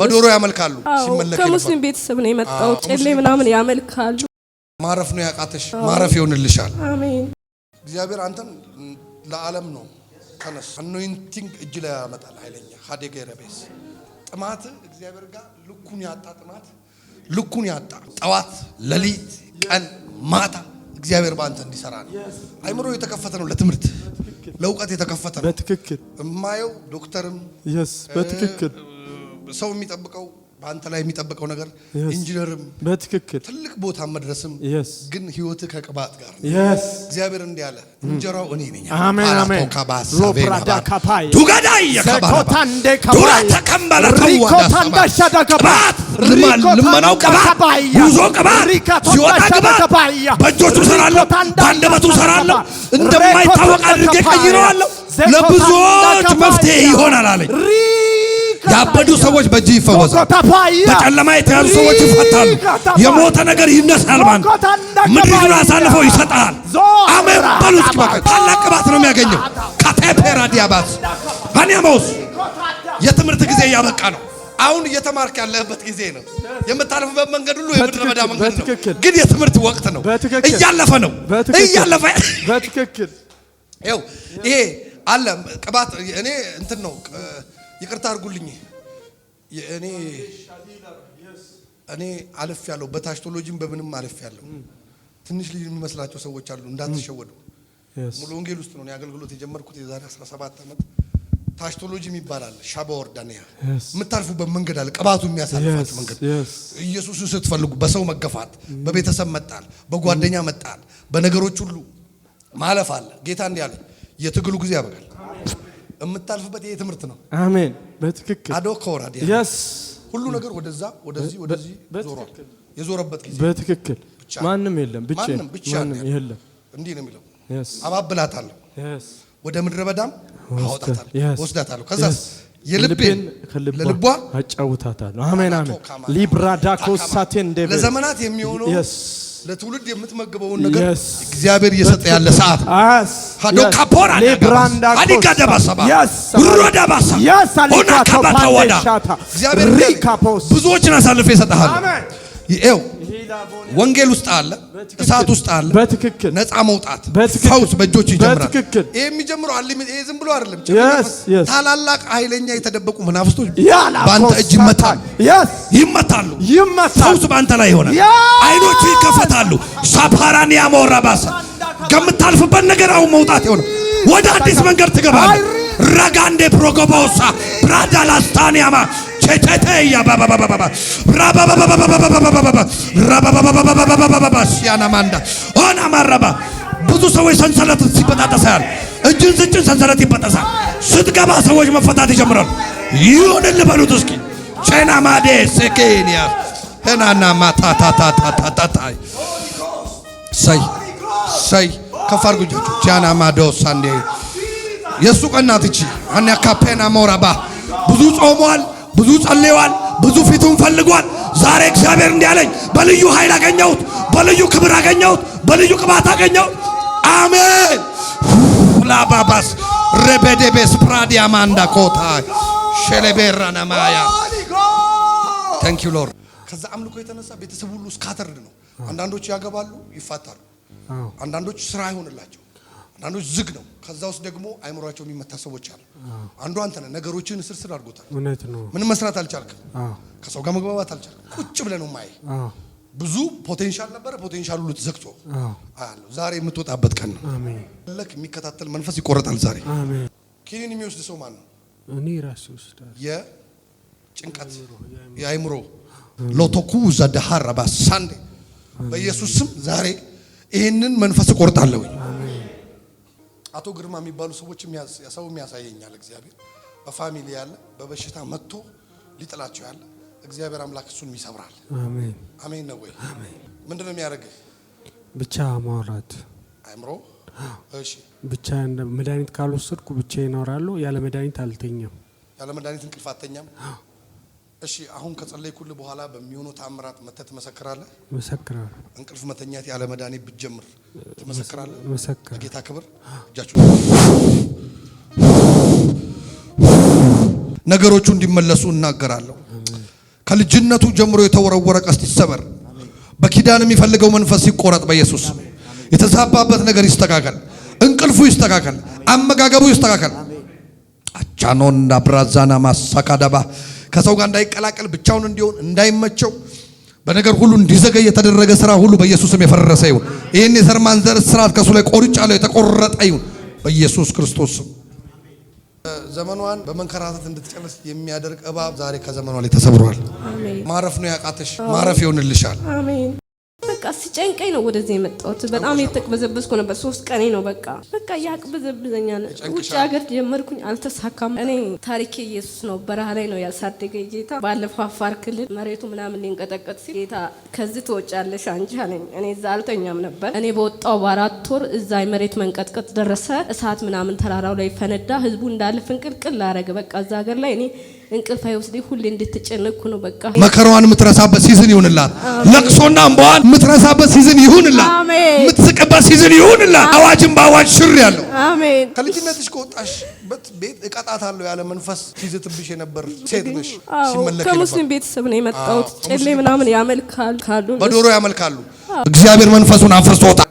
በዶሮ ያመልካሉ። ከሙስሊም ቤተሰብ ነው የመጣው። ጨሌ ምናምን ያመልካሉ። ማረፍ ነው ያቃተሽ፣ ማረፍ ይሆንልሻል። አሜን። እግዚአብሔር አንተን ለዓለም ነው ተነስ። አኖይንቲንግ እጅ ላይ ያመጣል። ኃይለኛ ሀዴገ ረቤስ ጥማት እግዚአብሔር ጋር ልኩን ያጣ ጥማት ልኩን ያጣ ጠዋት፣ ሌሊት፣ ቀን፣ ማታ እግዚአብሔር በአንተ እንዲሰራ ነው። አይምሮ የተከፈተ ነው ለትምህርት ለእውቀት የተከፈተ ነው። በትክክል እማየው ዶክተርም በትክክል ሰው የሚጠብቀው በአንተ ላይ የሚጠብቀው ነገር ኢንጂነርም በትክክል ትልቅ ቦታ መድረስም ግን ህይወት ከቅባት ጋር እግዚአብሔር እንዲህ አለ፣ እንጀራው እኔ ነኝ። አሜን በእጆቹ ሰራለሁ፣ በአንደበቱ ሰራለሁ፣ እንደማይታወቅ አድርጌ ቀይረዋለሁ፣ ለብዙዎች መፍትሄ ይሆናል አለኝ። ያበዱ ሰዎች በእጅ ይፈወሳል። በጨለማ የተያዙ ሰዎች ይፈታሉ። የሞተ ነገር ይነሳል። ማን ምድሪቱን አሳልፈው ይሰጣል። አሜን በሉ። እስኪ በቃ ታላቅ ቅባት ነው የሚያገኘው። ካቴፔራ ዲያባስ ሀኒያማውስ የትምህርት ጊዜ እያበቃ ነው። አሁን እየተማርክ ያለህበት ጊዜ ነው። የምታልፍበት መንገድ ሁሉ የምድረ በዳ መንገድ ነው፣ ግን የትምህርት ወቅት ነው። እያለፈ ነው፣ እያለፈ በትክክል ይሄ አለ ቅባት እኔ እንትን ነው ይቅርታ አድርጉልኝ። እኔ እኔ አለፍ ያለው በታሽቶሎጂም በምንም አለፍ ያለው ትንሽ ልጅ የሚመስላቸው ሰዎች አሉ። እንዳትሸወዱ። ሙሉ ወንጌል ውስጥ ነው አገልግሎት የጀመርኩት የዛሬ 17 ዓመት። ታሽቶሎጂም ይባላል። ሻባ ወርዳንያ የምታልፉበት መንገድ አለ። ቅባቱ የሚያሳልፋት መንገድ ኢየሱስን ስትፈልጉ በሰው መገፋት፣ በቤተሰብ መጣል፣ በጓደኛ መጣል፣ በነገሮች ሁሉ ማለፍ አለ። ጌታ እንዲህ አለ፣ የትግሉ ጊዜ ያበቃል የምታልፍበት ይሄ ትምህርት ነው። አሜን። በትክክል አዶ ከወራድ ያስ ሁሉ ነገር ወደዛ ወደዚህ ወደዚህ ዞሯል። የዞረበት ጊዜ በትክክል ማንም የለም፣ ብቻዬን ማንም የለም። እንዲህ ነው የሚለው አባብላታለሁ፣ ወደ ምድረ በዳም አወጣታለሁ፣ ወስዳታለሁ። ከዛስ የልቤን ለልቧ አጫውታታለሁ። አሜን አሜን። ሊብራዳ ኮሳቴ እንደ ለዘመናት የሚሆነው ለትውልድ የምትመግበውን ነገር እግዚአብሔር እየሰጠ ያለ ሰዓት ዶ ካፖራ ሪካፖስ ብዙዎችን አሳልፈ አሜን ይኸው ወንጌል ውስጥ አለ፣ እሳት ውስጥ አለ። በትክክል ነፃ መውጣት ፈውስ በእጆች ይጀምራል። ይሄ የሚጀምረው ይሄ ዝም ብሎ አይደለም። ታላላቅ ኃይለኛ የተደበቁ መናፍስቶች በአንተ እጅ ይመታሉ፣ ይመታሉ። ፈውስ በአንተ ላይ ይሆናል። አይኖቹ ይከፈታሉ። ሻፓራን ያሞራ ባሳ ከምታልፍበት ነገር አሁን መውጣት ይሆናል። ወደ አዲስ መንገድ ትገባለህ። ረጋንዴ ፕሮጎቦሳ ብራዳላስታኒያማ ሸተተያ ብዙ ሰዎች ሰንሰለት ሲበጣጠሳል። እጅን ስጭን ሰንሰለት ይበጠሳል። ስትገባ ሰዎች መፈታት ይጀምራሉ። ይሁን ልበሉት እስኪ ቼና ማዴ ሴኬንያ ሰይ ሰይ ከፍ እጃችሁ ቻና ማዶ ሳንዴ የእሱ ቀናት እቺ ካፔና ሞራባ ብዙ ጾሟል። ብዙ ጸልየዋል፣ ብዙ ፊቱን ፈልጓል። ዛሬ እግዚአብሔር እንዲያለኝ በልዩ ኃይል አገኘሁት፣ በልዩ ክብር አገኘሁት፣ በልዩ ቅባት አገኘሁት። አሜን ላባባስ ረበደቤስ ፕራዲያ ማንዳ ኮታ ሸለቤራ ነማያ ታንክ ዩ ሎርድ። ከዛ አምልኮ የተነሳ ቤተሰብ ሁሉ ስካተርድ ነው። አንዳንዶች ያገባሉ፣ ይፋታሉ። አንዳንዶች ስራ አይሆንላቸው አንዳንዶች ዝግ ነው። ከዛ ውስጥ ደግሞ አይምሯቸው የሚመታ ሰዎች አሉ። አንዱ አንተ ነህ። ነገሮችን ስርስር አድርጎታል። ምንም መስራት አልቻልክም። ከሰው ጋር መግባባት አልቻልክም። ቁጭ ብለህ ነው ማየ ብዙ ፖቴንሻል ነበረ። ፖቴንሻል ሁሉ ተዘግቶ አለው። ዛሬ የምትወጣበት ቀን ነው። ለክ የሚከታተል መንፈስ ይቆረጣል። ዛሬ ኪኒን የሚወስድ ሰው ማን ነው? እኔ ራሴ ወስዳለሁ። የጭንቀት የአይምሮ ሎቶኩ ዛዳሃ ረባ በኢየሱስ ስም ዛሬ ይህንን መንፈስ እቆርጣለሁ። አቶ ግርማ የሚባሉ ሰዎች ሰው የሚያሳየኛል። እግዚአብሔር በፋሚሊ ያለ በበሽታ መጥቶ ሊጥላቸው ያለ እግዚአብሔር አምላክ እሱን ይሰብራል። አሜን አሜን። ነው ወይ ምንድን ነው የሚያደርግህ? ብቻ ማውራት አይምሮ ብቻ መድኃኒት ካልወሰድኩ ብቻ ይኖራሉ። ያለ መድኃኒት አልተኛም። ያለ መድኃኒት እንቅልፍ አተኛም። እሺ አሁን ከጸለይኩልህ በኋላ በሚሆኑ ተአምራት መተህ ትመሰክራለህ? እመሰክራለሁ። እንቅልፍ መተኛት ያለ መድኃኒት ብትጀምር ትመሰክራለህ? እመሰክራለሁ። ጌታ ክብር እጃችሁ ነገሮቹ እንዲመለሱ እናገራለሁ። ከልጅነቱ ጀምሮ የተወረወረ ቀስት ይሰበር። በኪዳን የሚፈልገው መንፈስ ይቆረጥ በኢየሱስ የተዛባበት ነገር ይስተካከል። እንቅልፉ ይስተካከል። አመጋገቡ ይስተካከል። አቻኖና ብራዛና ማሳካዳባ ከሰው ጋር እንዳይቀላቀል፣ ብቻውን እንዲሆን፣ እንዳይመቸው፣ በነገር ሁሉ እንዲዘገይ የተደረገ ስራ ሁሉ በኢየሱስ ስም የፈረሰ ይሁን። ይህን የዘር ማንዘር ስርዓት ከእሱ ላይ ቆርጫለሁ፣ የተቆረጠ ይሁን በኢየሱስ ክርስቶስ ስም። ዘመኗን በመንከራተት እንድትጨርስ የሚያደርግ እባብ ዛሬ ከዘመኗ ላይ ተሰብሯል። ማረፍ ነው ያቃተሽ፣ ማረፍ ይሆንልሻል። በቃ ሲጨንቀኝ ነው ወደዚህ የመጣሁት። በጣም የተቅበዘበዝኩ ነበር። ሶስት ቀኔ ነው በቃ በቃ ያቅበዘብዘኛል። ውጭ ሀገር ጀመርኩኝ፣ አልተሳካም። እኔ ታሪኬ ኢየሱስ ነው። በረሃ ላይ ነው ያሳደገ ጌታ። ባለፈው አፋር ክልል መሬቱ ምናምን ሊንቀጠቀጥ ሲል ጌታ ከዚህ ትወጫለሽ አንቺ አለኝ። እኔ እዛ አልተኛም ነበር። እኔ በወጣው በአራት ወር እዛ የመሬት መንቀጥቀጥ ደረሰ። እሳት ምናምን ተራራው ላይ ፈነዳ። ህዝቡ እንዳለ ፍንቅልቅል ላረገ። በቃ እዛ ሀገር ላይ እኔ እንቅልፍ አይወስደኝ ሁሌ እንድትጨነኩ ነው። በቃ መከራዋን የምትረሳበት ሲዝን ይሁንላት። ለቅሶና እንባዋን የምትረሳበት ሲዝን ይሁንላት። የምትስቅበት ሲዝን ይሁንላት። አዋጅን በአዋጅ ሽር ያለው አሜን። ከልጅነትሽ ከወጣሽበት ቤት እቀጣታለሁ ያለ መንፈስ ሲዝትብሽ የነበር ሴት ነሽ። ከሙስሊም ቤተሰብ ነው የመጣሁት። ጨሌ ምናምን ያመልካል ካሉ በዶሮ ያመልካሉ። እግዚአብሔር መንፈሱን አፍርሶታል።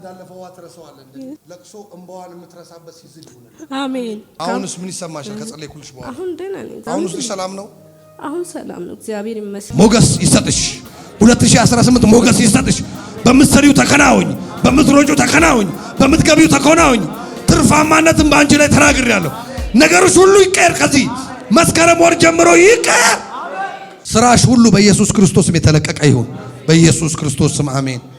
እንዳለፈው ውሃ ትረሳዋለህ። ለቅሶ እንባዋን የምትረሳበት ሲዝል ይሆናል። አሜን። አሁንስ ምን ይሰማሻል? ከጸለይኩልሽ በኋላ አሁን ደህና ነኝ። አሁንስ ሰላም ነው። አሁን ሰላም ነው። እግዚአብሔር ይመስገን። ሞገስ ይሰጥሽ። 2018 ሞገስ ይሰጥሽ። በምትሰሪው ተከናወኝ፣ በምትሮጩ ተከናወኝ፣ በምትገቢው ተከናወኝ። ትርፋማነትን በአንቺ ላይ ተናግሬያለሁ። ነገሮች ሁሉ ይቀየር። ከዚህ መስከረም ወር ጀምሮ ይቀየር። ስራሽ ሁሉ በኢየሱስ ክርስቶስ የተለቀቀ ይሁን። በኢየሱስ ክርስቶስ ስም አሜን።